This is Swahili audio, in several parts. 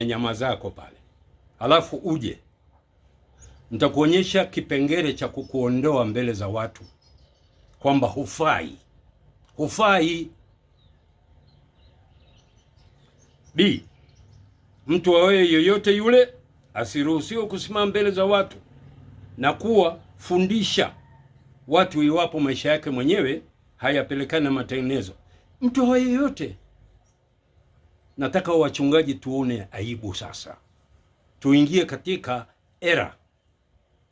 nyama zako pale, alafu uje, nitakuonyesha kipengele cha kukuondoa mbele za watu kwamba hufai, hufai. B, mtu awaye yoyote yule asiruhusiwe kusimama mbele za watu na kuwafundisha watu, iwapo maisha yake mwenyewe hayapelekani na matengenezo. Mtu awaye yoyote nataka wachungaji tuone aibu sasa, tuingie katika era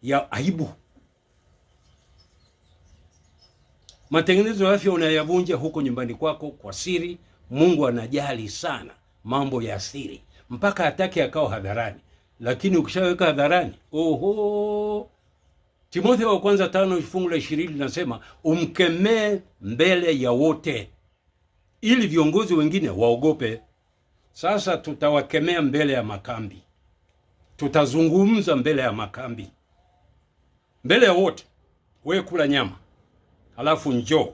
ya aibu. Matengenezo ya afya unayavunja huko nyumbani kwako kwa siri. Mungu anajali sana mambo ya siri, mpaka atake akao hadharani, lakini ukishaweka hadharani, oho. Timotheo wa kwanza tano fungu la ishirini linasema umkemee mbele ya wote, ili viongozi wengine waogope. Sasa tutawakemea mbele ya makambi, tutazungumza mbele ya makambi, mbele ya wote. We kula nyama halafu njoo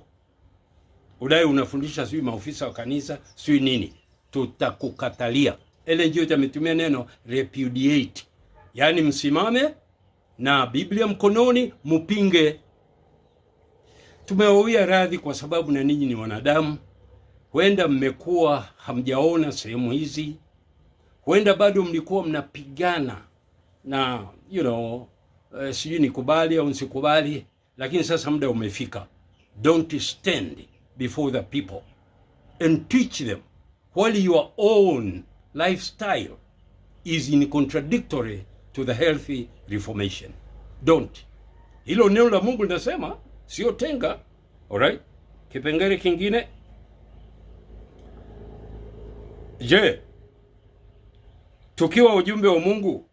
udai unafundisha sijui maofisa wa kanisa sijui nini, tutakukatalia. Ellen G ametumia neno repudiate, yaani msimame na Biblia mkononi mupinge Tumewawia radhi kwa sababu na ninyi ni wanadamu Huenda mmekuwa hamjaona sehemu hizi, huenda bado mlikuwa mnapigana na you know, uh, sijui nikubali au nsikubali, lakini sasa muda umefika. Don't stand before the people and teach them while your own lifestyle is in contradictory to the healthy reformation. Don't. Hilo neno la Mungu linasema sio tenga. Alright? Kipengele kingine Je, tukiwa ujumbe wa Mungu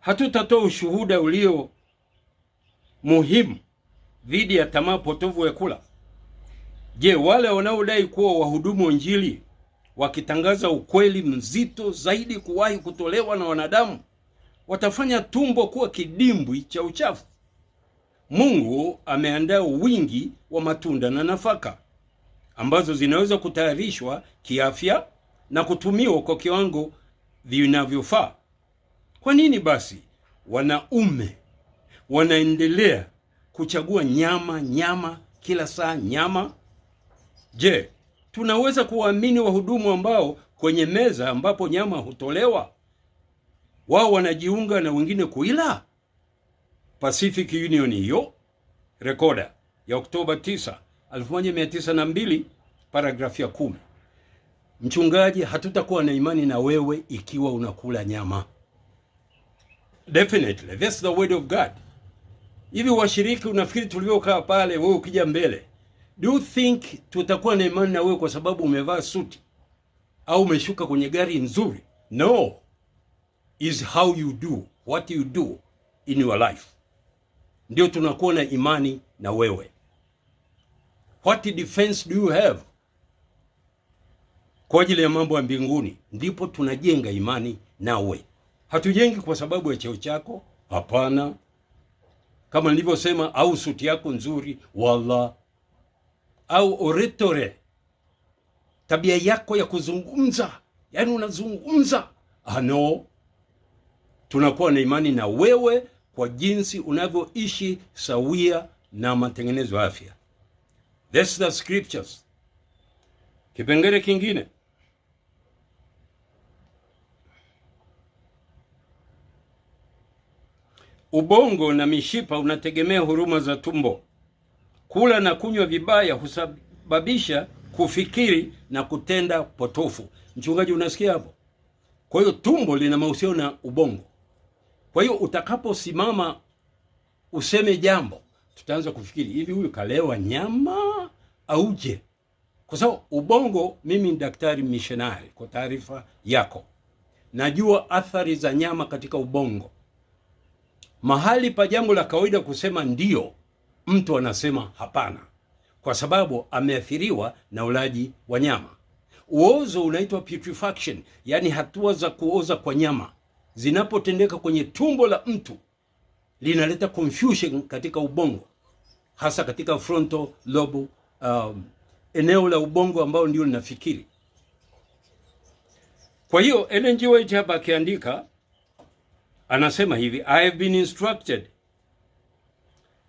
hatutatoa ushuhuda ulio muhimu dhidi ya tamaa potovu ya kula? Je, wale wanaodai kuwa wahudumu wa Injili wakitangaza ukweli mzito zaidi kuwahi kutolewa na wanadamu watafanya tumbo kuwa kidimbwi cha uchafu? Mungu ameandaa wingi wa matunda na nafaka ambazo zinaweza kutayarishwa kiafya na kutumiwa kwa kiwango vinavyofaa. Kwa nini basi wanaume wanaendelea kuchagua nyama nyama kila saa nyama? Je, tunaweza kuwaamini wahudumu ambao kwenye meza ambapo nyama hutolewa wao wanajiunga na wengine kuila? Pacific Union hiyo rekoda ya Oktoba 9, 1902 paragrafu ya 10. Mchungaji, hatutakuwa na imani na wewe ikiwa unakula nyama. Definitely, that's the word of God. Hivi washiriki, unafikiri tulivyokaa pale, wewe ukija mbele, do you think tutakuwa na imani na wewe kwa sababu umevaa suti au umeshuka kwenye gari nzuri? No, is how you do what you do in your life, ndio tunakuwa na imani na wewe. What defense do you have? kwa ajili ya mambo ya mbinguni, ndipo tunajenga imani nawe. Hatujengi kwa sababu ya cheo chako, hapana, kama nilivyosema, au suti yako nzuri, wala au oretore, tabia yako ya kuzungumza, yaani unazungumza ano, ah, tunakuwa na imani na wewe kwa jinsi unavyoishi sawia na matengenezo ya afya. That's the scriptures. Kipengele kingine Ubongo na mishipa unategemea huruma za tumbo. Kula na kunywa vibaya husababisha kufikiri na kutenda potofu. Mchungaji, unasikia hapo? Kwa hiyo tumbo lina mahusiano na ubongo. Kwa hiyo utakaposimama useme jambo, tutaanza kufikiri hivi, huyu kalewa nyama auje? Kwa sababu ubongo, mimi ni daktari missionary, kwa taarifa yako, najua athari za nyama katika ubongo. Mahali pa jambo la kawaida kusema ndio mtu anasema hapana, kwa sababu ameathiriwa na ulaji wa nyama. Uozo unaitwa putrefaction, yaani hatua za kuoza kwa nyama zinapotendeka kwenye tumbo la mtu linaleta confusion katika ubongo, hasa katika frontal lobe, um, eneo la ubongo ambao ndio linafikiri. Kwa hiyo Ellen G. White hapa akiandika anasema hivi, I have been instructed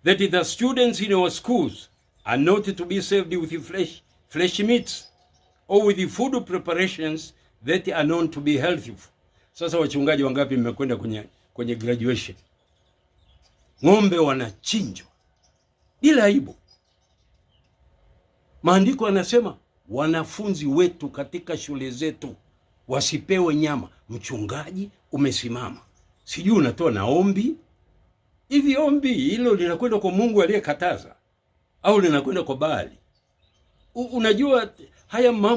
that the students in our schools are not to be served with flesh, flesh meats or with food preparations that are known to be healthy. Sasa wachungaji wangapi mmekwenda kwenye, kwenye graduation? Ng'ombe wanachinjwa bila aibu. Maandiko anasema wanafunzi wetu katika shule zetu wasipewe nyama. Mchungaji umesimama sijui unatoa na ombi. Hivi ombi hilo linakwenda kwa Mungu aliyekataza au linakwenda kwa Baali? Unajua haya mambo